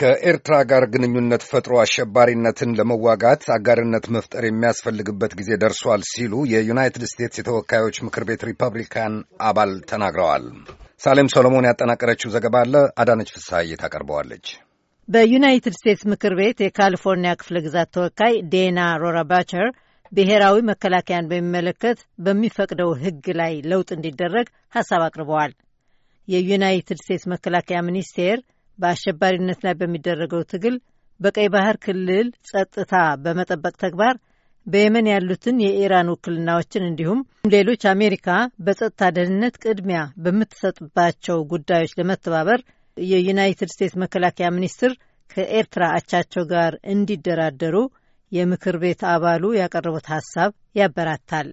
ከኤርትራ ጋር ግንኙነት ፈጥሮ አሸባሪነትን ለመዋጋት አጋርነት መፍጠር የሚያስፈልግበት ጊዜ ደርሷል ሲሉ የዩናይትድ ስቴትስ የተወካዮች ምክር ቤት ሪፐብሊካን አባል ተናግረዋል። ሳሌም ሶሎሞን ያጠናቀረችው ዘገባ አለ አዳነች ፍስሐዬ ታቀርበዋለች። በዩናይትድ ስቴትስ ምክር ቤት የካሊፎርኒያ ክፍለ ግዛት ተወካይ ዴና ሮራባቸር ብሔራዊ መከላከያን በሚመለከት በሚፈቅደው ሕግ ላይ ለውጥ እንዲደረግ ሀሳብ አቅርበዋል። የዩናይትድ ስቴትስ መከላከያ ሚኒስቴር በአሸባሪነት ላይ በሚደረገው ትግል በቀይ ባህር ክልል ጸጥታ በመጠበቅ ተግባር በየመን ያሉትን የኢራን ውክልናዎችን እንዲሁም ሌሎች አሜሪካ በጸጥታ ደህንነት ቅድሚያ በምትሰጥባቸው ጉዳዮች ለመተባበር የዩናይትድ ስቴትስ መከላከያ ሚኒስትር ከኤርትራ አቻቸው ጋር እንዲደራደሩ የምክር ቤት አባሉ ያቀረቡት ሀሳብ ያበራታል።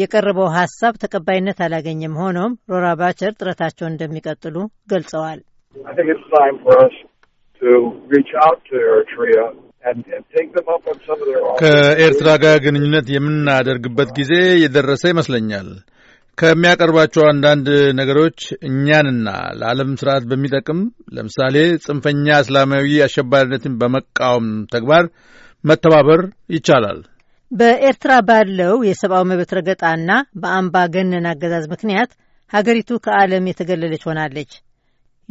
የቀረበው ሀሳብ ተቀባይነት አላገኘም። ሆኖም ሮራ ባቸር ጥረታቸውን እንደሚቀጥሉ ገልጸዋል። I think it's time for us to reach out to Eritrea ከኤርትራ ጋር ግንኙነት የምናደርግበት ጊዜ የደረሰ ይመስለኛል። ከሚያቀርባቸው አንዳንድ ነገሮች እኛንና ለዓለም ስርዓት በሚጠቅም ለምሳሌ ጽንፈኛ እስላማዊ አሸባሪነትን በመቃወም ተግባር መተባበር ይቻላል። በኤርትራ ባለው የሰብአዊ መብት ረገጣና በአምባገነን አገዛዝ ምክንያት ሀገሪቱ ከዓለም የተገለለች ሆናለች።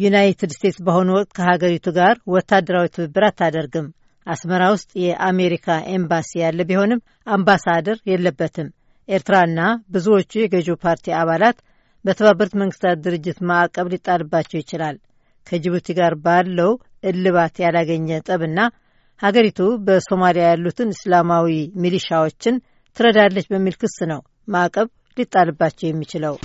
ዩናይትድ ስቴትስ በአሁኑ ወቅት ከሀገሪቱ ጋር ወታደራዊ ትብብር አታደርግም። አስመራ ውስጥ የአሜሪካ ኤምባሲ ያለ ቢሆንም አምባሳደር የለበትም። ኤርትራና ብዙዎቹ የገዢው ፓርቲ አባላት በተባበሩት መንግስታት ድርጅት ማዕቀብ ሊጣልባቸው ይችላል። ከጅቡቲ ጋር ባለው እልባት ያላገኘ ጠብና ሀገሪቱ በሶማሊያ ያሉትን እስላማዊ ሚሊሻዎችን ትረዳለች በሚል ክስ ነው ማዕቀብ ሊጣልባቸው የሚችለው።